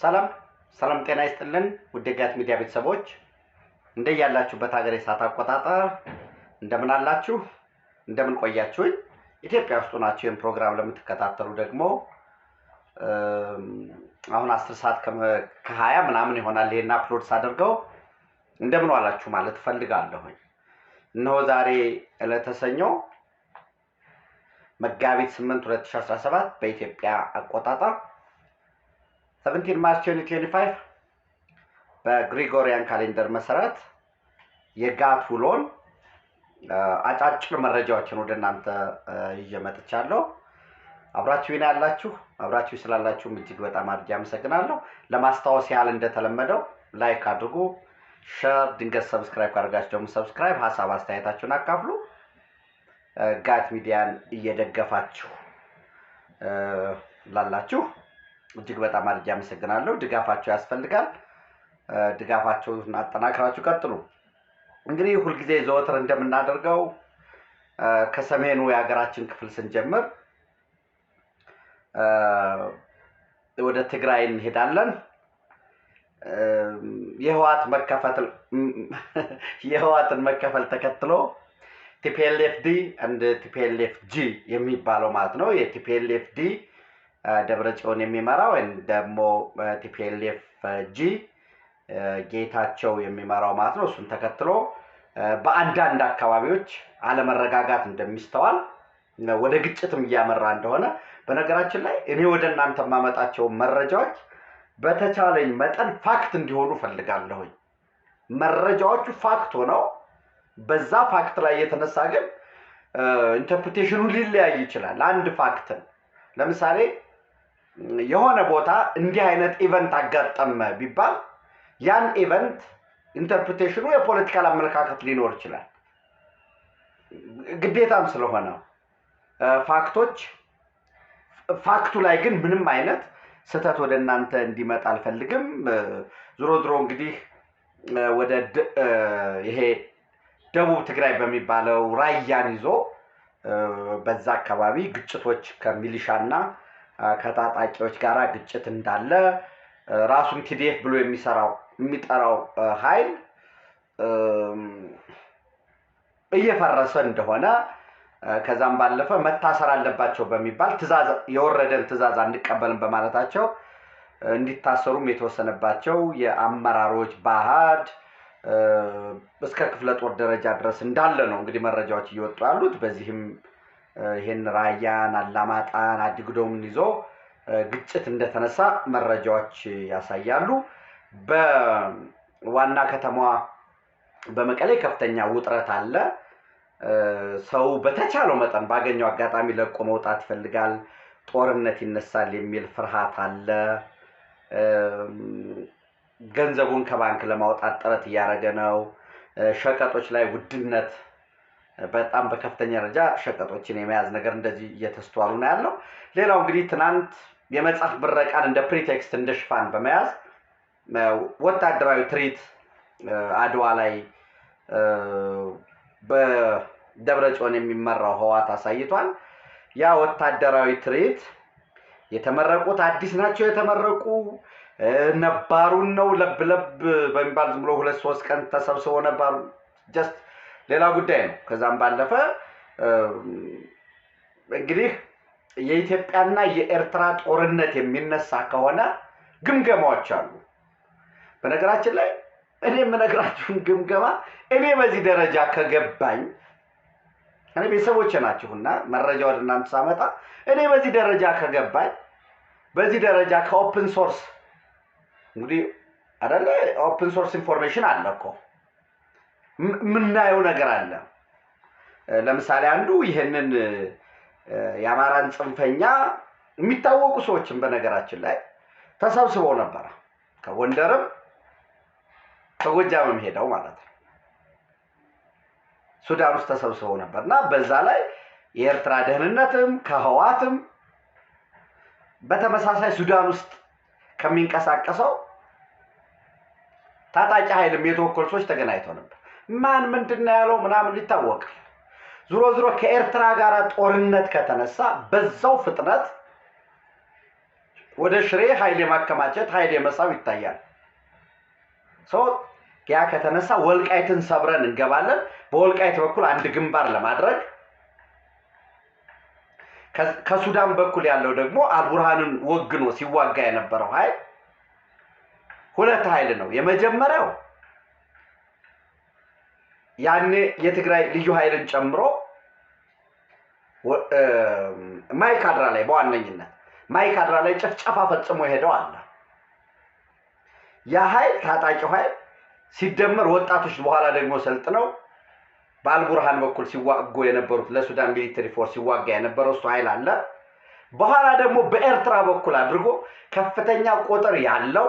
ሰላም ሰላም፣ ጤና ይስጥልን ውድ ጋት ሚዲያ ቤተሰቦች እንደ ያላችሁበት ሀገር የሰዓት አቆጣጠር እንደምን አላችሁ? እንደምን ቆያችሁኝ? ኢትዮጵያ ውስጥ ናችሁ ይህን ፕሮግራም ለምትከታተሉ ደግሞ አሁን አስር ሰዓት ከሀያ ምናምን ይሆናል ይሄን አፕሎድ ሳደርገው እንደምን ዋላችሁ ማለት እፈልጋለሁኝ። እነሆ ዛሬ ዕለተ መጋቢት 8 2017 በኢትዮጵያ አቆጣጠር 17 ማርች 2025 በግሪጎሪያን ካሌንደር መሰረት የጋት ውሎን አጫጭር መረጃዎችን ወደ እናንተ እየመጥቻለሁ። አብራችሁ ይና ያላችሁ አብራችሁ ስላላችሁም እጅግ በጣም አድርጌ አመሰግናለሁ። ለማስታወስ ያህል እንደተለመደው ላይክ አድርጉ፣ ሸር፣ ድንገት ሰብስክራይብ ካደርጋችሁ ደግሞ ሰብስክራይብ፣ ሀሳብ አስተያየታችሁን አካፍሉ። ጋት ሚዲያን እየደገፋችሁ ላላችሁ እጅግ በጣም አድርጌ አመሰግናለሁ። ድጋፋቸው ያስፈልጋል። ድጋፋቸውን አጠናክራችሁ ቀጥሉ። እንግዲህ ሁልጊዜ ዘወትር እንደምናደርገው ከሰሜኑ የሀገራችን ክፍል ስንጀምር ወደ ትግራይ እንሄዳለን። የህዋትን መከፈል ተከትሎ ቲፒኤልኤፍዲ እንደ ቲፒኤልኤፍጂ የሚባለው ማለት ነው የቲፒኤልኤፍዲ ደብረ የሚመራ ወይም ደግሞ ቲፒኤልኤፍ ጂ ጌታቸው የሚመራው ማለት ነው። እሱን ተከትሎ በአንዳንድ አካባቢዎች አለመረጋጋት እንደሚስተዋል ወደ ግጭትም እያመራ እንደሆነ በነገራችን ላይ እኔ ወደ እናንተ የማመጣቸውን መረጃዎች በተቻለኝ መጠን ፋክት እንዲሆኑ ፈልጋለሁኝ። መረጃዎቹ ፋክት ሆነው በዛ ፋክት ላይ የተነሳ ግን ኢንተርፕሬቴሽኑ ሊለያይ ይችላል። አንድ ፋክትን ለምሳሌ የሆነ ቦታ እንዲህ አይነት ኢቨንት አጋጠመ ቢባል ያን ኢቨንት ኢንተርፕሬቴሽኑ የፖለቲካል አመለካከት ሊኖር ይችላል። ግዴታም ስለሆነ ፋክቶች ፋክቱ ላይ ግን ምንም አይነት ስህተት ወደ እናንተ እንዲመጣ አልፈልግም። ዝሮ ዝሮ እንግዲህ ወደ ይሄ ደቡብ ትግራይ በሚባለው ራያን ይዞ በዛ አካባቢ ግጭቶች ከሚሊሻና ከታጣቂዎች ጋር ግጭት እንዳለ ራሱን ቲዲኤፍ ብሎ የሚሰራው የሚጠራው ኃይል እየፈረሰ እንደሆነ ከዛም ባለፈ መታሰር አለባቸው በሚባል ትእዛዝ የወረደን ትእዛዝ አንቀበልም በማለታቸው እንዲታሰሩም የተወሰነባቸው የአመራሮች ባህድ እስከ ክፍለ ጦር ደረጃ ድረስ እንዳለ ነው እንግዲህ መረጃዎች እየወጡ ያሉት። በዚህም ይሄን ራያን አላማጣን አዲግዶምን ይዞ ግጭት እንደተነሳ መረጃዎች ያሳያሉ። በዋና ከተማዋ በመቀሌ ከፍተኛ ውጥረት አለ። ሰው በተቻለው መጠን ባገኘው አጋጣሚ ለቆ መውጣት ይፈልጋል። ጦርነት ይነሳል የሚል ፍርሃት አለ። ገንዘቡን ከባንክ ለማውጣት ጥረት እያደረገ ነው። ሸቀጦች ላይ ውድነት በጣም በከፍተኛ ደረጃ ሸቀጦችን የመያዝ ነገር እንደዚህ እየተስተዋሉ ነው ያለው። ሌላው እንግዲህ ትናንት የመጽሐፍ ምረቃን እንደ ፕሪቴክስት እንደ ሽፋን በመያዝ ወታደራዊ ትርኢት አድዋ ላይ በደብረ ጽዮን የሚመራው ህዋት አሳይቷል። ያ ወታደራዊ ትርኢት የተመረቁት አዲስ ናቸው የተመረቁ ነባሩን ነው ለብለብ በሚባል ዝም ብሎ ሁለት ሶስት ቀን ተሰብስቦ ነባሩ ጀስት ሌላ ጉዳይ ነው። ከዛም ባለፈ እንግዲህ የኢትዮጵያና የኤርትራ ጦርነት የሚነሳ ከሆነ ግምገማዎች አሉ። በነገራችን ላይ እኔ የምነግራችሁን ግምገማ እኔ በዚህ ደረጃ ከገባኝ እኔ ቤተሰቦች ናችሁና መረጃ ወደ እናንተ ሳመጣ እኔ በዚህ ደረጃ ከገባኝ በዚህ ደረጃ ከኦፕን ሶርስ እንግዲህ አደለ ኦፕን ሶርስ ኢንፎርሜሽን አለ እኮ የምናየው ነገር አለ። ለምሳሌ አንዱ ይህንን የአማራን ጽንፈኛ የሚታወቁ ሰዎችን በነገራችን ላይ ተሰብስበው ነበረ ከጎንደርም ከጎጃምም ሄደው ማለት ነው ሱዳን ውስጥ ተሰብስበው ነበር እና በዛ ላይ የኤርትራ ደህንነትም ከህዋትም በተመሳሳይ ሱዳን ውስጥ ከሚንቀሳቀሰው ታጣቂ ኃይልም የተወከሉ ሰዎች ተገናኝተው ነበር። ማን ምንድን ያለው ምናምን ሊታወቅ ዝሮ ዝሮ ከኤርትራ ጋር ጦርነት ከተነሳ በዛው ፍጥነት ወደ ሽሬ ኃይል የማከማቸት ኃይል የመሳብ ይታያል። ሰው ያ ከተነሳ ወልቃይትን ሰብረን እንገባለን። በወልቃይት በኩል አንድ ግንባር ለማድረግ ከሱዳን በኩል ያለው ደግሞ አልቡርሃንን ወግኖ ሲዋጋ የነበረው ኃይል ሁለት ኃይል ነው። የመጀመሪያው ያኔ የትግራይ ልዩ ኃይልን ጨምሮ ማይካድራ ላይ በዋነኝነት ማይካድራ ላይ ጭፍጨፋ ፈጽሞ ሄደው አለ። ያ ኃይል ታጣቂው ኃይል ሲደመር ወጣቶች በኋላ ደግሞ ሰልጥነው በአልቡርሃን በኩል ሲዋጉ የነበሩት ለሱዳን ሚሊተሪ ፎርስ ሲዋጋ የነበረው እሱ ኃይል አለ። በኋላ ደግሞ በኤርትራ በኩል አድርጎ ከፍተኛ ቁጥር ያለው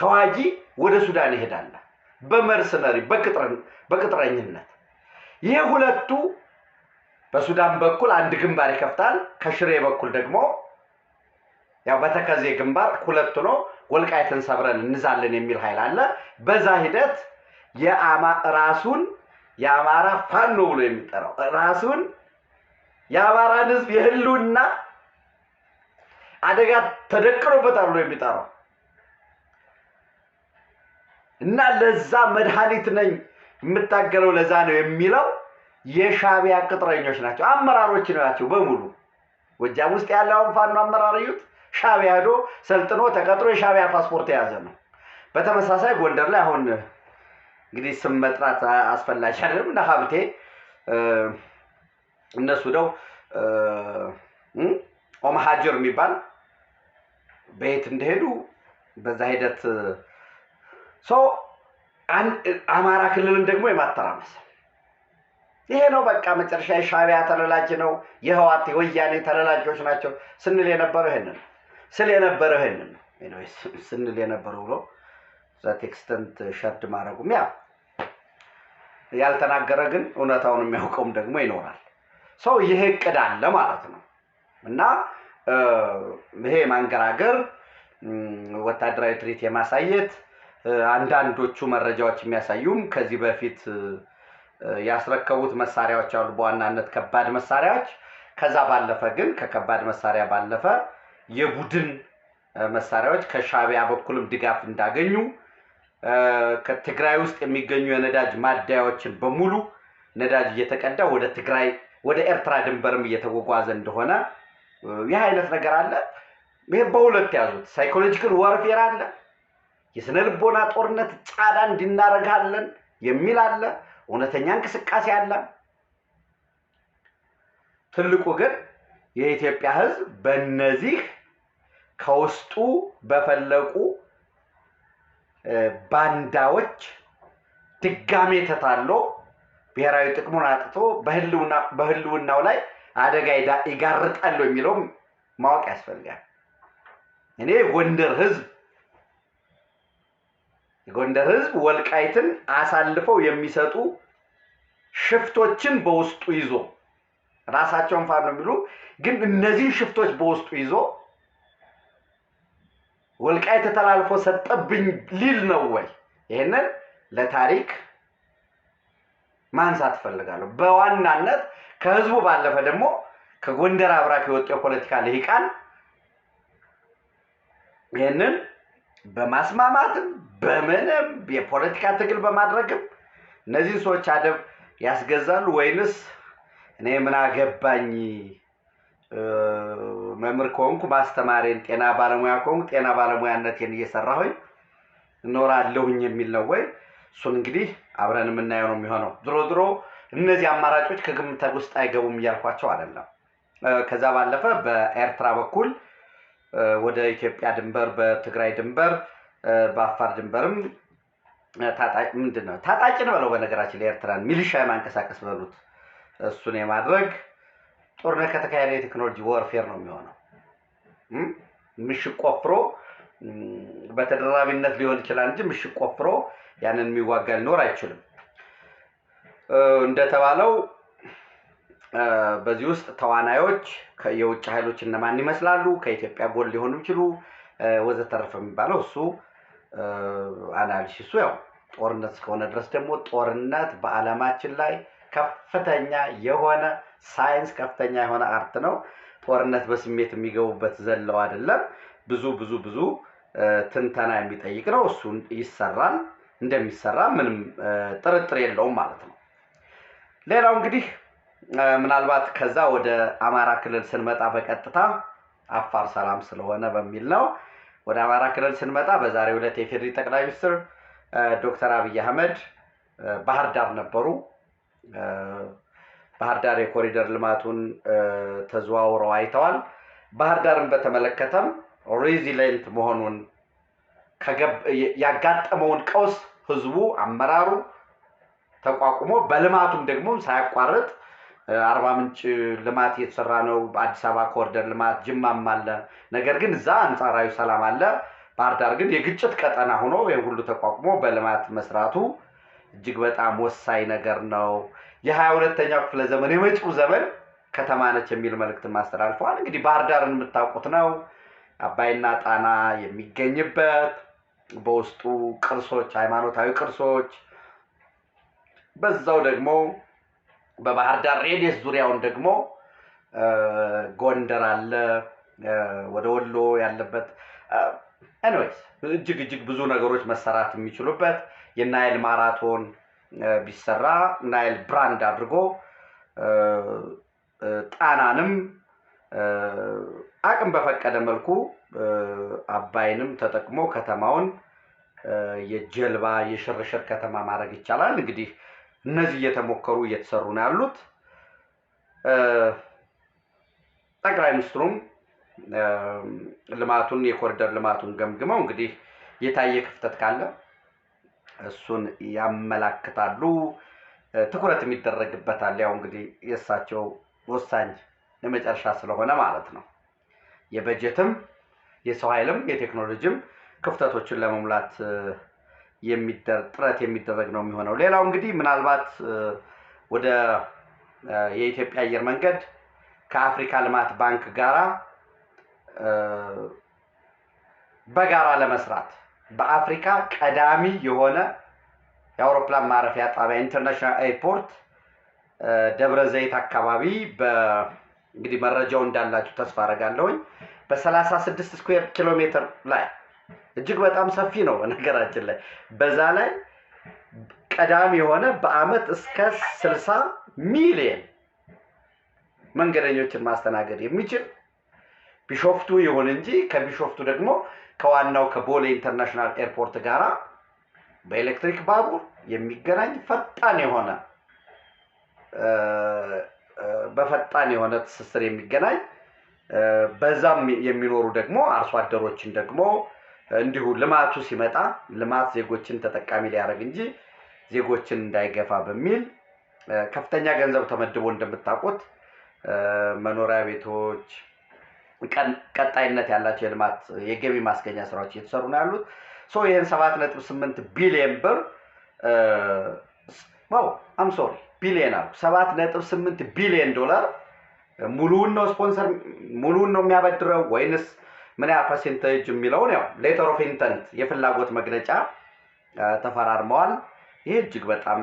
ተዋጊ ወደ ሱዳን ይሄዳል። በመርሰነሪ በቅጥረኝነት። ይህ ሁለቱ በሱዳን በኩል አንድ ግንባር ይከፍታል። ከሽሬ በኩል ደግሞ ያው በተከዜ ግንባር ሁለቱ ነው። ወልቃይትን ሰብረን እንዛለን የሚል ኃይል አለ። በዛ ሂደት ራሱን የአማራ ፋኖ ብሎ የሚጠራው ራሱን የአማራን ህዝብ የህልውና አደጋ ተደቅኖበታል ብሎ የሚጠራው እና ለዛ መድኃኒት ነኝ የምታገለው ለዛ ነው የሚለው የሻቢያ ቅጥረኞች ናቸው፣ አመራሮች ናቸው በሙሉ። ጎጃም ውስጥ ያለውን ፋኖ አመራር እዩት። ሻቢያ ሄዶ ሰልጥኖ ተቀጥሮ የሻቢያ ፓስፖርት የያዘ ነው። በተመሳሳይ ጎንደር ላይ አሁን እንግዲህ ስም መጥራት አስፈላጊ አይደለም እና ሀብቴ እነሱ ደው ኦመሃጀር የሚባል በየት እንደሄዱ በዛ ሂደት አማራ ክልልን ደግሞ የማተራመስ ይሄ ነው በቃ መጨረሻ የሻቢያ ተለላጅ ነው የህዋት የወያኔ ተለላጆች ናቸው ስንል የነበረው ይህንን ነው ስል የነበረው ይህንን ነው ስንል የነበረው ብሎ ዛት ሸርድ ማድረጉም ያ ያልተናገረ ግን እውነታውን የሚያውቀውም ደግሞ ይኖራል ሰው ይህ እቅድ አለ ማለት ነው እና ይሄ ማንገራገር ወታደራዊ ትሪት የማሳየት አንዳንዶቹ መረጃዎች የሚያሳዩም ከዚህ በፊት ያስረከቡት መሳሪያዎች አሉ፣ በዋናነት ከባድ መሳሪያዎች። ከዛ ባለፈ ግን ከከባድ መሳሪያ ባለፈ የቡድን መሳሪያዎች ከሻቢያ በኩልም ድጋፍ እንዳገኙ ከትግራይ ውስጥ የሚገኙ የነዳጅ ማደያዎችን በሙሉ ነዳጅ እየተቀዳ ወደ ትግራይ ወደ ኤርትራ ድንበርም እየተጓጓዘ እንደሆነ ይህ አይነት ነገር አለ። ይህ በሁለት ያዙት። ሳይኮሎጂካል ዋርፌር አለ። የስነ ልቦና ጦርነት ጫዳ እንድናረጋለን የሚል አለ። እውነተኛ እንቅስቃሴ አለ። ትልቁ ግን የኢትዮጵያ ሕዝብ በእነዚህ ከውስጡ በፈለቁ ባንዳዎች ድጋሜ ተታሎ ብሔራዊ ጥቅሙን አጥቶ በህልውናው ላይ አደጋ ይጋርጣሉ የሚለውም ማወቅ ያስፈልጋል። እኔ ጎንደር ህዝብ የጎንደር ህዝብ ወልቃይትን አሳልፈው የሚሰጡ ሽፍቶችን በውስጡ ይዞ ራሳቸውን ፋኖ የሚሉ ግን እነዚህ ሽፍቶች በውስጡ ይዞ ወልቃይት ተላልፎ ሰጠብኝ ሊል ነው ወይ? ይህንን ለታሪክ ማንሳት እፈልጋለሁ። በዋናነት ከህዝቡ ባለፈ ደግሞ ከጎንደር አብራክ የወጡ የፖለቲካ ልሂቃን ይህንን በማስማማትም በምንም የፖለቲካ ትግል በማድረግም እነዚህን ሰዎች አደብ ያስገዛሉ ወይንስ እኔ ምን አገባኝ መምህር ከሆንኩ ማስተማሪን ጤና ባለሙያ ከሆንኩ ጤና ባለሙያነቴን እየሰራሁኝ እኖራለሁኝ የሚል ነው ወይ? እሱን እንግዲህ አብረን የምናየው ነው የሚሆነው። ድሮ ድሮ እነዚህ አማራጮች ከግምት ውስጥ አይገቡም እያልኳቸው አይደለም። ከዛ ባለፈ በኤርትራ በኩል ወደ ኢትዮጵያ ድንበር፣ በትግራይ ድንበር፣ በአፋር ድንበርም ምንድን ነው ታጣቂን በለው በነገራችን ለኤርትራን ሚሊሻ የማንቀሳቀስ በሉት እሱን የማድረግ ጦርነት ከተካሄደ የቴክኖሎጂ ወርፌር ነው የሚሆነው። ምሽግ ቆፍሮ በተደራቢነት ሊሆን ይችላል እንጂ ምሽግ ቆፍሮ ያንን የሚዋጋ ሊኖር አይችልም እንደተባለው በዚህ ውስጥ ተዋናዮች የውጭ ኃይሎች እነማን ይመስላሉ፣ ከኢትዮጵያ ጎን ሊሆኑ ይችሉ ወዘተረፈ የሚባለው እሱ አናሊሲሱ ያው ጦርነት እስከሆነ ድረስ ደግሞ ጦርነት በዓለማችን ላይ ከፍተኛ የሆነ ሳይንስ ከፍተኛ የሆነ አርት ነው። ጦርነት በስሜት የሚገቡበት ዘለው አይደለም። ብዙ ብዙ ብዙ ትንተና የሚጠይቅ ነው። እሱ ይሰራል፣ እንደሚሰራ ምንም ጥርጥር የለውም ማለት ነው። ሌላው እንግዲህ ምናልባት ከዛ ወደ አማራ ክልል ስንመጣ በቀጥታ አፋር ሰላም ስለሆነ በሚል ነው። ወደ አማራ ክልል ስንመጣ በዛሬው ዕለት የፌዴሪ ጠቅላይ ሚኒስትር ዶክተር አብይ አህመድ ባህር ዳር ነበሩ። ባህር ዳር የኮሪደር ልማቱን ተዘዋውረው አይተዋል። ባህር ዳርን በተመለከተም ሬዚሌንት መሆኑን ያጋጠመውን ቀውስ ህዝቡ፣ አመራሩ ተቋቁሞ በልማቱም ደግሞ ሳያቋርጥ አርባ ምንጭ ልማት እየተሰራ ነው። በአዲስ አበባ ኮሪደር ልማት ጅማም አለ። ነገር ግን እዛ አንጻራዊ ሰላም አለ። ባህር ዳር ግን የግጭት ቀጠና ሆኖ ይህ ሁሉ ተቋቁሞ በልማት መስራቱ እጅግ በጣም ወሳኝ ነገር ነው። የሀያ ሁለተኛው ክፍለ ዘመን የመጪው ዘመን ከተማ ነች የሚል መልእክት ማስተላልፈዋል። እንግዲህ ባህር ዳርን የምታውቁት ነው። አባይና ጣና የሚገኝበት በውስጡ ቅርሶች፣ ሃይማኖታዊ ቅርሶች በዛው ደግሞ በባህር ዳር ሬዴስ ዙሪያውን ደግሞ ጎንደር አለ፣ ወደ ወሎ ያለበት ኤኒዌይስ እጅግ እጅግ ብዙ ነገሮች መሰራት የሚችሉበት የናይል ማራቶን ቢሰራ ናይል ብራንድ አድርጎ ጣናንም አቅም በፈቀደ መልኩ አባይንም ተጠቅሞ ከተማውን የጀልባ የሽርሽር ከተማ ማድረግ ይቻላል። እንግዲህ እነዚህ እየተሞከሩ እየተሰሩ ነው ያሉት። ጠቅላይ ሚኒስትሩም ልማቱን የኮሪደር ልማቱን ገምግመው እንግዲህ የታየ ክፍተት ካለ እሱን ያመላክታሉ። ትኩረት የሚደረግበታል። ያው እንግዲህ የእሳቸው ወሳኝ የመጨረሻ ስለሆነ ማለት ነው። የበጀትም የሰው ኃይልም የቴክኖሎጂም ክፍተቶችን ለመሙላት ጥረት የሚደረግ ነው የሚሆነው። ሌላው እንግዲህ ምናልባት ወደ የኢትዮጵያ አየር መንገድ ከአፍሪካ ልማት ባንክ ጋራ በጋራ ለመስራት በአፍሪካ ቀዳሚ የሆነ የአውሮፕላን ማረፊያ ጣቢያ ኢንተርናሽናል ኤርፖርት ደብረ ዘይት አካባቢ እንግዲህ መረጃው እንዳላችሁ ተስፋ አደርጋለሁኝ በ36 ስኩዌር ኪሎ ሜትር ላይ እጅግ በጣም ሰፊ ነው። በነገራችን ላይ በዛ ላይ ቀዳሚ የሆነ በአመት እስከ ስልሳ ሚሊየን መንገደኞችን ማስተናገድ የሚችል ቢሾፍቱ ይሁን እንጂ ከቢሾፍቱ ደግሞ ከዋናው ከቦሌ ኢንተርናሽናል ኤርፖርት ጋራ በኤሌክትሪክ ባቡር የሚገናኝ ፈጣን የሆነ በፈጣን የሆነ ትስስር የሚገናኝ በዛም የሚኖሩ ደግሞ አርሶ አደሮችን ደግሞ እንዲሁ ልማቱ ሲመጣ ልማት ዜጎችን ተጠቃሚ ሊያደርግ እንጂ ዜጎችን እንዳይገፋ በሚል ከፍተኛ ገንዘብ ተመድቦ እንደምታውቁት መኖሪያ ቤቶች፣ ቀጣይነት ያላቸው የልማት የገቢ ማስገኛ ስራዎች እየተሰሩ ነው ያሉት። ይህን ሰባት ነጥብ ስምንት ቢሊየን ብር አም ሶሪ ቢሊየን አሉ ሰባት ነጥብ ስምንት ቢሊየን ዶላር ሙሉውን ነው ስፖንሰር ሙሉውን ነው የሚያበድረው ወይንስ ምን ያ ፐርሴንቴጅ የሚለውን ያው ሌተር ኦፍ ኢንተንት የፍላጎት መግለጫ ተፈራርመዋል። ይህ እጅግ በጣም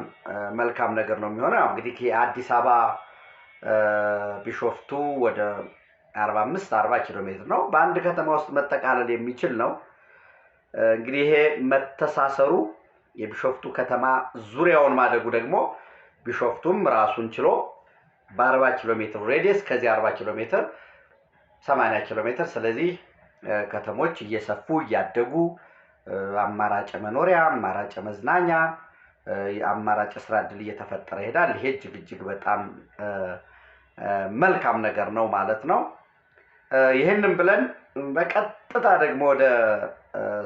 መልካም ነገር ነው የሚሆነው እንግዲህ ከአዲስ አበባ ቢሾፍቱ ወደ 45 40 ኪሎ ሜትር ነው። በአንድ ከተማ ውስጥ መጠቃለል የሚችል ነው። እንግዲህ ይሄ መተሳሰሩ የቢሾፍቱ ከተማ ዙሪያውን ማደጉ ደግሞ ቢሾፍቱም ራሱን ችሎ በ40 ኪሎ ሜትር ሬዲየስ ከዚህ 40 ኪሎ ሜትር 80 ኪሎ ሜትር ስለዚህ ከተሞች እየሰፉ እያደጉ አማራጭ መኖሪያ፣ አማራጭ መዝናኛ፣ አማራጭ ስራ እድል እየተፈጠረ ይሄዳል። ይሄ እጅግ እጅግ በጣም መልካም ነገር ነው ማለት ነው። ይህንም ብለን በቀጥታ ደግሞ ወደ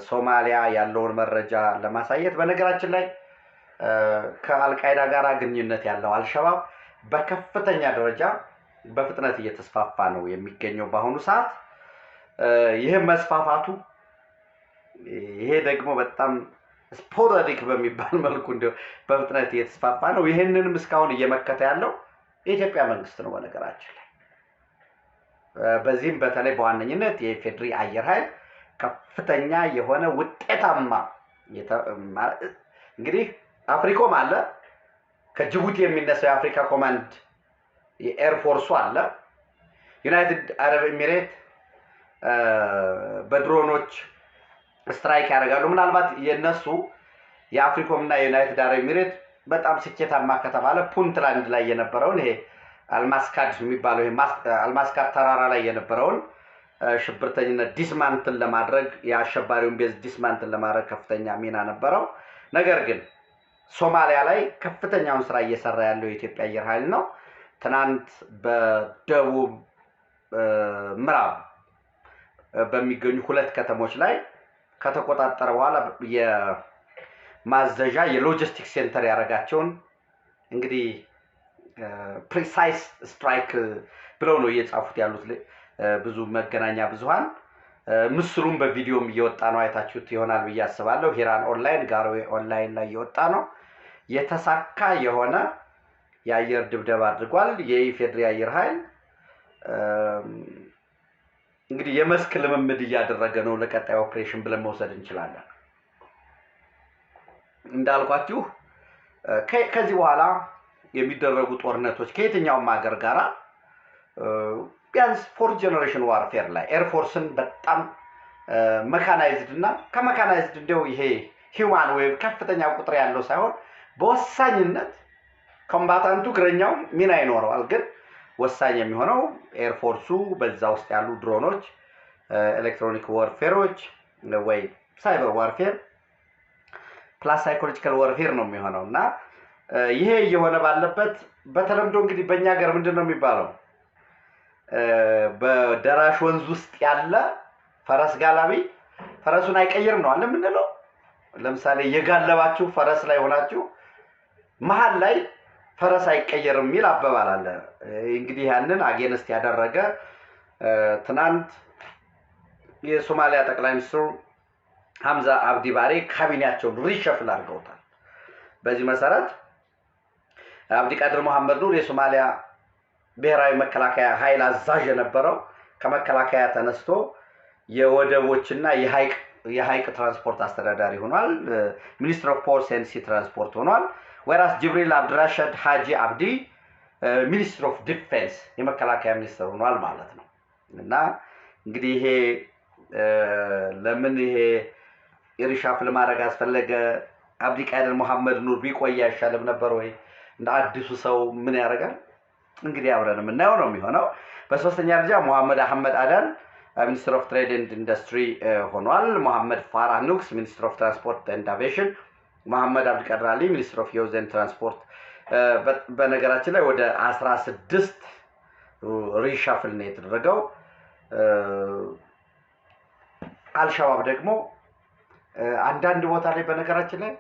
ሶማሊያ ያለውን መረጃ ለማሳየት በነገራችን ላይ ከአልቃይዳ ጋር ግንኙነት ያለው አልሸባብ በከፍተኛ ደረጃ በፍጥነት እየተስፋፋ ነው የሚገኘው በአሁኑ ሰዓት። ይህ መስፋፋቱ ይሄ ደግሞ በጣም ስፖራዲክ በሚባል መልኩ እንዲ በፍጥነት እየተስፋፋ ነው። ይህንንም እስካሁን እየመከተ ያለው የኢትዮጵያ መንግስት ነው። በነገራችን ላይ በዚህም በተለይ በዋነኝነት የፌድሪ አየር ኃይል ከፍተኛ የሆነ ውጤታማ እንግዲህ አፍሪኮም አለ፣ ከጅቡቲ የሚነሳው የአፍሪካ ኮማንድ የኤርፎርሱ አለ፣ ዩናይትድ አረብ ኤሚሬት በድሮኖች ስትራይክ ያደርጋሉ። ምናልባት የነሱ የአፍሪኮም እና የዩናይትድ አረብ ኤሚሬት በጣም ስኬታማ ከተባለ ፑንትላንድ ላይ የነበረውን ይሄ አልማስካድ የሚባለው አልማስካድ ተራራ ላይ የነበረውን ሽብርተኝነት ዲስማንትን ለማድረግ የአሸባሪውን ቤዝ ዲስማንትን ለማድረግ ከፍተኛ ሚና ነበረው። ነገር ግን ሶማሊያ ላይ ከፍተኛውን ስራ እየሰራ ያለው የኢትዮጵያ አየር ኃይል ነው። ትናንት በደቡብ ምዕራብ በሚገኙ ሁለት ከተሞች ላይ ከተቆጣጠረ በኋላ የማዘዣ የሎጂስቲክ ሴንተር ያደረጋቸውን እንግዲህ ፕሪሳይስ ስትራይክ ብለው ነው እየጻፉት ያሉት ብዙ መገናኛ ብዙሃን። ምስሉም በቪዲዮም እየወጣ ነው፣ አይታችሁት ይሆናል ብዬ አስባለሁ። ሂራን ኦንላይን፣ ጋርዌ ኦንላይን ላይ እየወጣ ነው። የተሳካ የሆነ የአየር ድብደባ አድርጓል የኢፌድሪ አየር ኃይል እንግዲህ የመስክ ልምምድ እያደረገ ነው ለቀጣይ ኦፕሬሽን ብለን መውሰድ እንችላለን። እንዳልኳችሁ ከዚህ በኋላ የሚደረጉ ጦርነቶች ከየትኛውም ሀገር ጋራ ቢያንስ ፎርት ጀኔሬሽን ዋርፌር ላይ ኤርፎርስን በጣም መካናይዝድ እና ከመካናይዝድ እንዲው ይሄ ሂውማን ወይም ከፍተኛ ቁጥር ያለው ሳይሆን በወሳኝነት ኮምባታንቱ እግረኛውም ሚና ይኖረዋል ግን ወሳኝ የሚሆነው ኤርፎርሱ በዛ ውስጥ ያሉ ድሮኖች፣ ኤሌክትሮኒክ ወርፌሮች ወይ ሳይበር ዋርፌር ፕላስ ሳይኮሎጂካል ወርፌር ነው የሚሆነው እና ይሄ እየሆነ ባለበት በተለምዶ እንግዲህ በእኛ ሀገር ምንድን ነው የሚባለው በደራሽ ወንዝ ውስጥ ያለ ፈረስ ጋላቢ ፈረሱን አይቀይርም ነው አለ የምንለው። ለምሳሌ የጋለባችሁ ፈረስ ላይ ሆናችሁ መሀል ላይ ፈረስ አይቀየርም የሚል አባባል አለ። እንግዲህ ያንን አጌንስት ያደረገ ትናንት የሶማሊያ ጠቅላይ ሚኒስትሩ ሀምዛ አብዲ ባሬ ካቢኔያቸውን ሪሸፍል አድርገውታል። በዚህ መሰረት አብዲቃድር መሐመድ ኑር የሶማሊያ ብሔራዊ መከላከያ ኃይል አዛዥ የነበረው ከመከላከያ ተነስቶ የወደቦችና የሀይቅ ትራንስፖርት አስተዳዳሪ ሆኗል። ሚኒስትር ኦፍ ፖርት ኤንድ ሲ ትራንስፖርት ሆኗል። ወይራስ ጅብሪል አብድራሸድ ሀጂ አብዲ ሚኒስትር ኦፍ ዲፌንስ የመከላከያ ሚኒስትር ሆኗል ማለት ነው። እና እንግዲህ ይሄ ለምን ይሄ ኢሪሻፍ ለማድረግ አስፈለገ? አብዲ አብዲቃድር መሐመድ ኑር ቢቆይ አይሻልም ነበር ወይ? እንደ አዲሱ ሰው ምን ያደርጋል? እንግዲህ አብረን የምናየው ነው የሚሆነው። በሶስተኛ ደረጃ ሙሐመድ አህመድ አዳን ሚኒስትር ኦፍ ትሬድ ኤንድ ኢንዱስትሪ ሆኗል። ሙሐመድ ፋራህ ኑክስ ሚኒስትር ኦፍ ትራንስፖርት ኤንድ አቪዬሽን መሐመድ አብድልቃድር አሊ ሚኒስትር ኦፍ ዩዝ ትራንስፖርት በነገራችን ላይ ወደ አስራ ስድስት ሪሻፍል ነው የተደረገው። አልሸባብ ደግሞ አንዳንድ ቦታ ላይ በነገራችን ላይ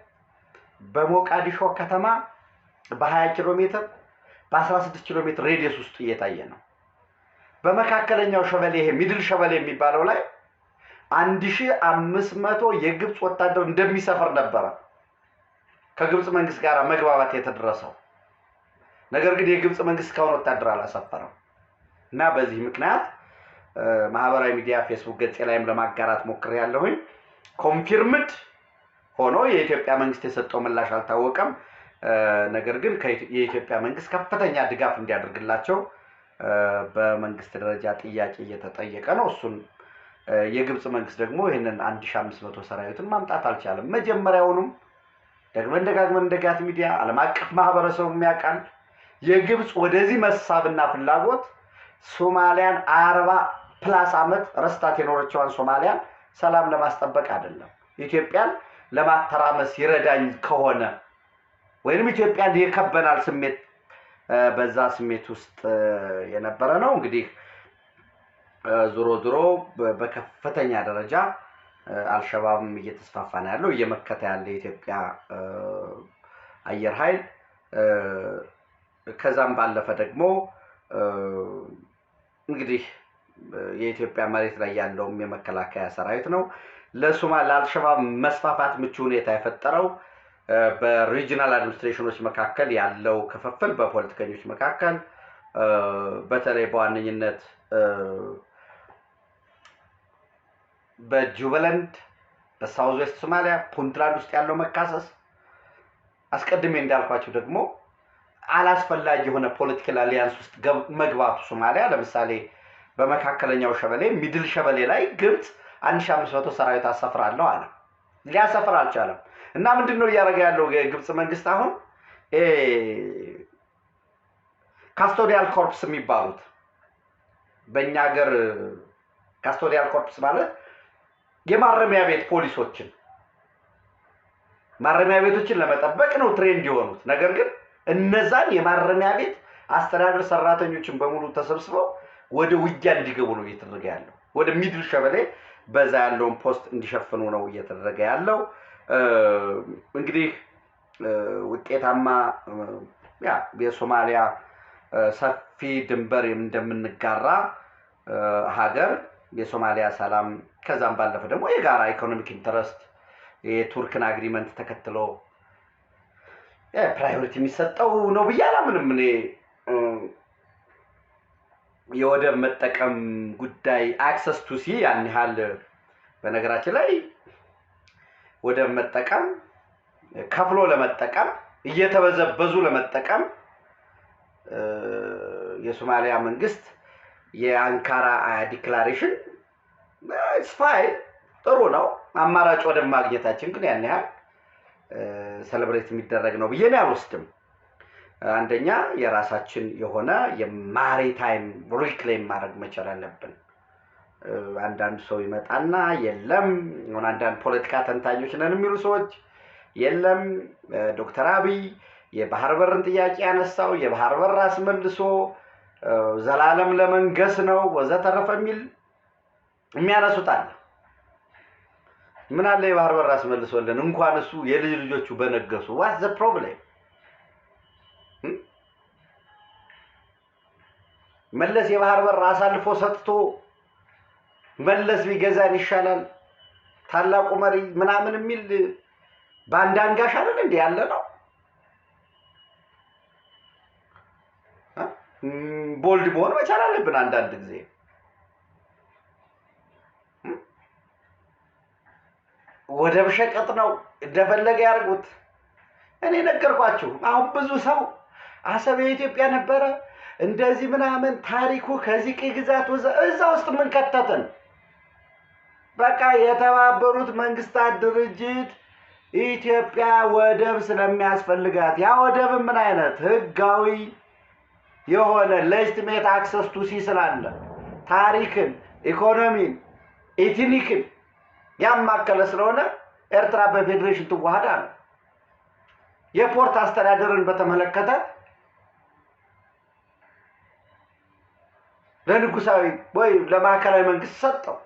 በሞቃዲሾ ከተማ በ20 ኪሎ ሜትር በ16 ኪሎ ሜትር ሬዲየስ ውስጥ እየታየ ነው። በመካከለኛው ሸበሌ ይሄ ሚድል ሸበሌ የሚባለው ላይ 5መቶ የግብፅ ወታደር እንደሚሰፍር ነበረ። ከግብፅ መንግስት ጋር መግባባት የተደረሰው። ነገር ግን የግብፅ መንግስት ከሆነ ወታደር አላሰፈረም እና በዚህ ምክንያት ማህበራዊ ሚዲያ ፌስቡክ ገጼ ላይም ለማጋራት ያለሁኝ ኮንፊርምድ ሆኖ የኢትዮጵያ መንግስት የሰጠው ምላሽ አልታወቀም። ነገር ግን የኢትዮጵያ መንግስት ከፍተኛ ድጋፍ እንዲያደርግላቸው በመንግስት ደረጃ ጥያቄ እየተጠየቀ ነው። እሱን የግብፅ መንግስት ደግሞ ይህንን አንድ ሺህ አምስት መቶ ሰራዊትን ማምጣት አልቻለም። መጀመሪያውኑም ደግመን ደጋግመን እንደጋት ሚዲያ ዓለም አቀፍ ማህበረሰቡ የሚያውቃን የግብፅ ወደዚህ መሳብና ፍላጎት ሶማሊያን አርባ ፕላስ ዓመት ረስታት የኖረችዋን ሶማሊያን ሰላም ለማስጠበቅ አይደለም ኢትዮጵያን ለማተራመስ ይረዳኝ ከሆነ ወይም ኢትዮጵያን የከበናል ስሜት በዛ ስሜት ውስጥ የነበረ ነው። እንግዲህ ዞሮ ዞሮ በከፍተኛ ደረጃ አልሸባብም እየተስፋፋ ነው ያለው እየመከተ ያለ የኢትዮጵያ አየር ኃይል ከዛም ባለፈ ደግሞ እንግዲህ የኢትዮጵያ መሬት ላይ ያለውም የመከላከያ ሰራዊት ነው። ለሱማ ለአልሸባብ መስፋፋት ምቹ ሁኔታ የፈጠረው በሪጂናል አድሚኒስትሬሽኖች መካከል ያለው ክፍፍል፣ በፖለቲከኞች መካከል በተለይ በዋነኝነት በጁበለንድ በሳውዝ ዌስት ሶማሊያ ፑንትላንድ ውስጥ ያለው መካሰስ አስቀድሜ እንዳልኳቸው ደግሞ አላስፈላጊ የሆነ ፖለቲካል አሊያንስ ውስጥ መግባቱ ሶማሊያ ለምሳሌ በመካከለኛው ሸበሌ ሚድል ሸበሌ ላይ ግብፅ አንድ ሺ አምስት መቶ ሰራዊት አሰፍራለሁ አለ። ሊያሰፍር አልቻለም። እና ምንድን ነው እያደረገ ያለው የግብፅ መንግስት አሁን ካስቶዲያል ኮርፕስ የሚባሉት በእኛ ሀገር ካስቶዲያል ኮርፕስ ማለት የማረሚያ ቤት ፖሊሶችን ማረሚያ ቤቶችን ለመጠበቅ ነው ትሬንድ የሆኑት። ነገር ግን እነዛን የማረሚያ ቤት አስተዳደር ሰራተኞችን በሙሉ ተሰብስበው ወደ ውጊያ እንዲገቡ ነው እየተደረገ ያለው። ወደ ሚድል ሸበሌ በዛ ያለውን ፖስት እንዲሸፍኑ ነው እየተደረገ ያለው። እንግዲህ ውጤታማ ያ የሶማሊያ ሰፊ ድንበር እንደምንጋራ ሀገር የሶማሊያ ሰላም ከዛም ባለፈ ደግሞ የጋራ ኢኮኖሚክ ኢንተረስት የቱርክን አግሪመንት ተከትሎ ፕራዮሪቲ የሚሰጠው ነው ብያላ ምንም እኔ። የወደብ መጠቀም ጉዳይ አክሰስ ቱ ሲ ያን ያህል በነገራችን ላይ ወደብ መጠቀም ከፍሎ ለመጠቀም እየተበዘበዙ ለመጠቀም የሶማሊያ መንግስት የአንካራ ዲክላሬሽን ስፋይ ጥሩ ነው። አማራጭ ወደ ማግኘታችን ግን ያን ያህል ሰለብሬት የሚደረግ ነው ብዬ አልወስድም። አንደኛ የራሳችን የሆነ የማሪታይም ሪክሌም ማድረግ መቻል አለብን። አንዳንድ ሰው ይመጣና የለም ሆነ አንዳንድ ፖለቲካ ተንታኞች ነን የሚሉ ሰዎች የለም ዶክተር አብይ የባህር በርን ጥያቄ ያነሳው የባህር በር አስመልሶ ዘላለም ለመንገስ ነው ወዘተረፈ የሚል የሚያነሱት አለ። ምን አለ የባህር በር አስመልሶልን እንኳን እሱ የልጅ ልጆቹ በነገሱ። ዋት ዘ ፕሮብሌም መለስ የባህር በር አሳልፎ ሰጥቶ መለስ ቢገዛን ይሻላል ታላቁ መሪ ምናምን የሚል በአንድ አንጋሽ አይደል እንዲህ ያለ ነው። ቦልድ መሆን መቻል አለብን። አንዳንድ ጊዜ ወደብ ሸቀጥ ነው፣ እንደፈለገ ያርጉት። እኔ ነገርኳችሁ። አሁን ብዙ ሰው አሰብ የኢትዮጵያ ነበረ እንደዚህ ምናምን ታሪኩ ከዚህ ቅኝ ግዛት እዛ ውስጥ ከተትን? በቃ የተባበሩት መንግስታት ድርጅት ኢትዮጵያ ወደብ ስለሚያስፈልጋት ያ ወደብ ምን አይነት ህጋዊ የሆነ ለጅትሜት አክሰስ ቱሲ ስላለ ታሪክን፣ ኢኮኖሚን፣ ኢትኒክን ያማከለ ስለሆነ ኤርትራ በፌዴሬሽን ትዋሃድ አለ። የፖርት አስተዳደርን በተመለከተ ለንጉሳዊ ወይም ለማዕከላዊ መንግስት ሰጠው።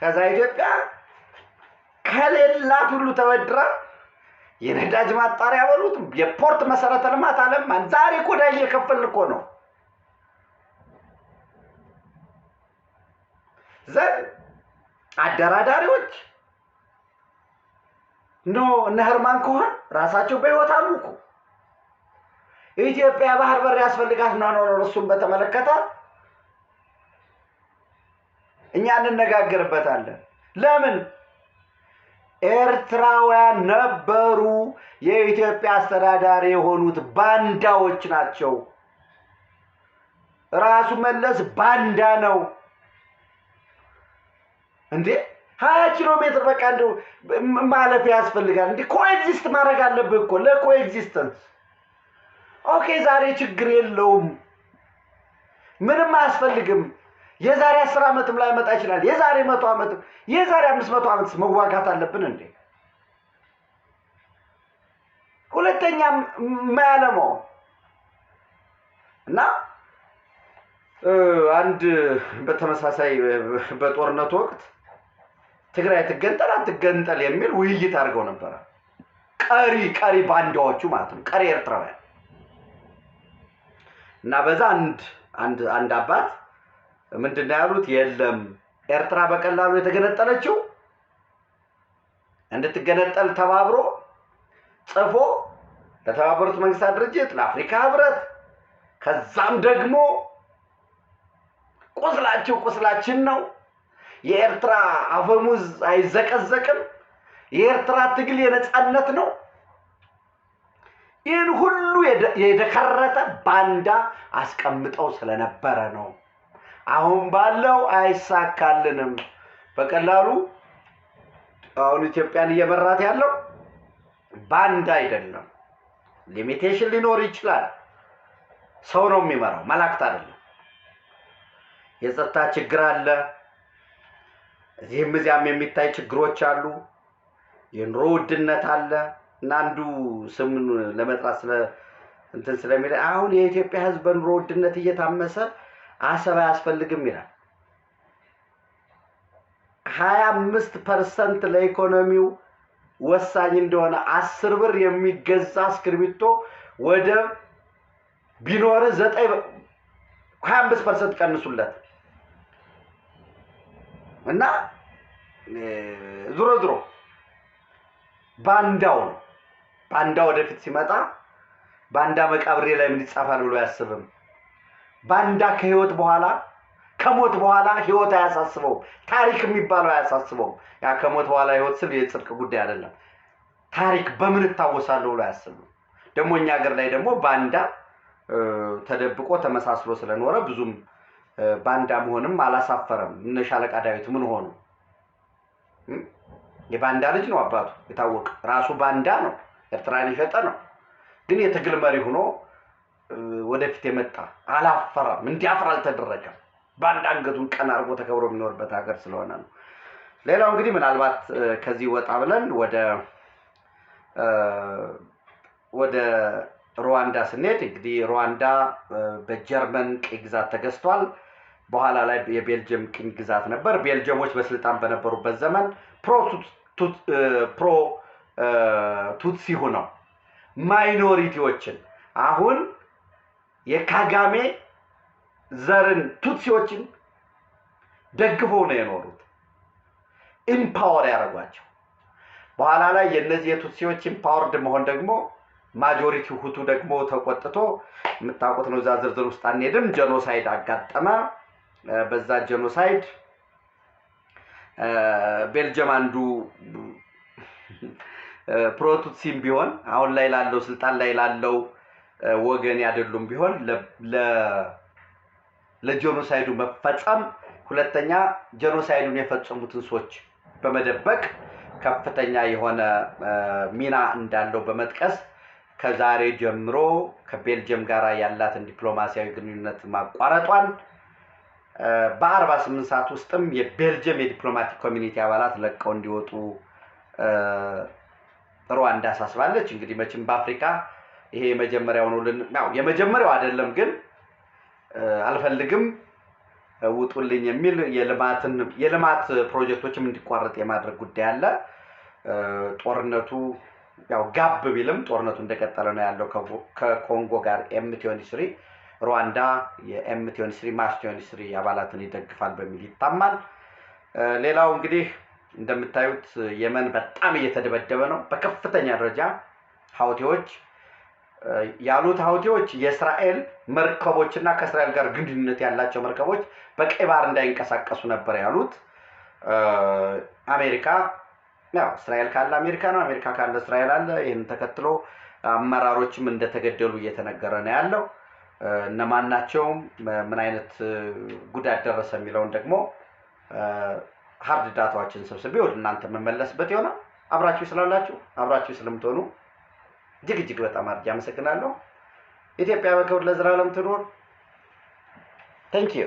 ከዛ ኢትዮጵያ ከሌላት ሁሉ ተበድራ የነዳጅ ማጣሪያ በሉት፣ የፖርት መሰረተ ልማት አለማን። ዛሬ ቆዳ እየከፈልን እኮ ነው። ዘን አደራዳሪዎች ኖ እነ ህርማን ከሆን ራሳቸው በህይወት አሉ እኮ ኢትዮጵያ ባህር በር ያስፈልጋት ነው ነው። እሱን በተመለከተ እኛ እንነጋገርበታለን። ለምን ኤርትራውያን ነበሩ የኢትዮጵያ አስተዳዳሪ የሆኑት ባንዳዎች ናቸው። ራሱ መለስ ባንዳ ነው እንዴ! ሀያ ኪሎ ሜትር በቃ እንደ ማለፍ ያስፈልጋል። እንዲ ኮኤግዚስት ማድረግ አለብህ እኮ ለኮኤግዚስተንስ። ኦኬ ዛሬ ችግር የለውም ምንም አያስፈልግም። የዛሬ አስር ዓመትም ላይመጣ ይችላል። የዛሬ መቶ ዓመትም የዛሬ አምስት መቶ ዓመት መዋጋት አለብን እንዴ? ሁለተኛ የማያለመው እና አንድ በተመሳሳይ በጦርነቱ ወቅት ትግራይ ትገንጠል አትገንጠል የሚል ውይይት አድርገው ነበረ። ቀሪ ቀሪ ባንዳዎቹ ማለት ነው፣ ቀሪ ኤርትራውያን እና በዛ አንድ አንድ አባት ምንድን ነው ያሉት? የለም ኤርትራ በቀላሉ የተገነጠለችው እንድትገነጠል ተባብሮ ጽፎ ለተባበሩት መንግስታት ድርጅት፣ ለአፍሪካ ህብረት ከዛም ደግሞ ቁስላችሁ ቁስላችን ነው፣ የኤርትራ አፈሙዝ አይዘቀዘቅም፣ የኤርትራ ትግል የነፃነት ነው። ይህን ሁሉ የደከረተ ባንዳ አስቀምጠው ስለነበረ ነው። አሁን ባለው አይሳካልንም። በቀላሉ አሁን ኢትዮጵያን እየመራት ያለው ባንድ አይደለም። ሊሚቴሽን ሊኖር ይችላል። ሰው ነው የሚመራው፣ መላእክት አይደለም። የጸጥታ ችግር አለ። እዚህም እዚያም የሚታይ ችግሮች አሉ። የኑሮ ውድነት አለ እና አንዱ ስሙን ለመጥራት ስለ እንትን ስለሚለ አሁን የኢትዮጵያ ሕዝብ በኑሮ ውድነት እየታመሰ አሰብ አያስፈልግም ይላል። ሀያ አምስት ፐርሰንት ለኢኮኖሚው ወሳኝ እንደሆነ አስር ብር የሚገዛ እስክርቢቶ ወደብ ቢኖር ዘጠኝ ሀያ አምስት ፐርሰንት ቀንሱለት እና ዞሮ ዞሮ ባንዳው ነው። ባንዳ ወደፊት ሲመጣ ባንዳ መቃብሬ ላይ ምን ይጻፋል ብሎ አያስብም። ባንዳ ከህይወት በኋላ ከሞት በኋላ ህይወት አያሳስበውም። ታሪክ የሚባለው አያሳስበውም። ያ ከሞት በኋላ ህይወት ስል የጽድቅ ጉዳይ አይደለም። ታሪክ በምን እታወሳለሁ ብሎ አያስብም። ደግሞ እኛ ሀገር ላይ ደግሞ ባንዳ ተደብቆ ተመሳስሎ ስለኖረ ብዙም ባንዳ መሆንም አላሳፈረም። እነ ሻለቃ ዳዊት ምን ሆኑ? የባንዳ ልጅ ነው አባቱ የታወቀ ራሱ ባንዳ ነው። ኤርትራን የሸጠ ነው። ግን የትግል መሪ ሆኖ ወደፊት የመጣ አላፈራም፣ እንዲያፍር አልተደረገም። በአንድ አንገቱን ቀን አድርጎ ተከብሮ የሚኖርበት ሀገር ስለሆነ ነው። ሌላው እንግዲህ ምናልባት ከዚህ ወጣ ብለን ወደ ወደ ሩዋንዳ ስንሄድ እንግዲህ ሩዋንዳ በጀርመን ቅኝ ግዛት ተገዝቷል። በኋላ ላይ የቤልጅየም ቅኝ ግዛት ነበር። ቤልጅየሞች በስልጣን በነበሩበት ዘመን ፕሮ ቱትሲ ነው ማይኖሪቲዎችን አሁን የካጋሜ ዘርን ቱትሲዎችን ደግፈው ነው የኖሩት። ኢምፓወር ያደረጓቸው በኋላ ላይ የእነዚህ የቱትሲዎች ኢምፓወርድ መሆን ደግሞ ማጆሪቲ ሁቱ ደግሞ ተቆጥቶ የምታውቁት ነው። እዛ ዝርዝር ውስጥ አንሄድም። ጀኖሳይድ አጋጠመ። በዛ ጀኖሳይድ ቤልጅየም አንዱ ፕሮቱትሲም ቢሆን አሁን ላይ ላለው ስልጣን ላይ ላለው ወገን ያደሉም ቢሆን ለጄኖሳይዱ መፈጸም፣ ሁለተኛ ጄኖሳይዱን የፈጸሙትን ሰዎች በመደበቅ ከፍተኛ የሆነ ሚና እንዳለው በመጥቀስ ከዛሬ ጀምሮ ከቤልጅየም ጋር ያላትን ዲፕሎማሲያዊ ግንኙነት ማቋረጧን በአርባ ስምንት ሰዓት ውስጥም የቤልጅየም የዲፕሎማቲክ ኮሚኒቲ አባላት ለቀው እንዲወጡ ሩዋንዳ አሳስባለች። እንግዲህ መቼም በአፍሪካ ይሄ የመጀመሪያው ነው ልን ያው የመጀመሪያው አይደለም ግን አልፈልግም ውጡልኝ የሚል የልማትን የልማት ፕሮጀክቶችም እንዲቋረጥ የማድረግ ጉዳይ አለ። ጦርነቱ ያው ጋብ ቢልም ጦርነቱ እንደቀጠለ ነው ያለው ከኮንጎ ጋር ኤም ቲዮኒ ሩዋንዳ የኤም ቲዮኒ ስሪ ማስ ቲዮኒ አባላትን ይደግፋል በሚል ይታማል። ሌላው እንግዲህ እንደምታዩት የመን በጣም እየተደበደበ ነው በከፍተኛ ደረጃ ሀውቴዎች ያሉት ሀውቲዎች የእስራኤል መርከቦችና ከእስራኤል ጋር ግንኙነት ያላቸው መርከቦች በቀይ ባህር እንዳይንቀሳቀሱ ነበር ያሉት። አሜሪካ ያው እስራኤል ካለ አሜሪካ ነው፣ አሜሪካ ካለ እስራኤል አለ። ይህን ተከትሎ አመራሮችም እንደተገደሉ እየተነገረ ነው ያለው። እነማናቸውም ምን አይነት ጉዳት ደረሰ የሚለውን ደግሞ ሀርድ ዳታዎችን ሰብስቤ ወደ እናንተ የምመለስበት ይሆናል። አብራችሁ ስላላችሁ አብራችሁ ስለምትሆኑ እጅግ እጅግ በጣም አድርጌ አመሰግናለሁ። ኢትዮጵያ በክብር ለዘላለም ትኑር። ታንኪዩ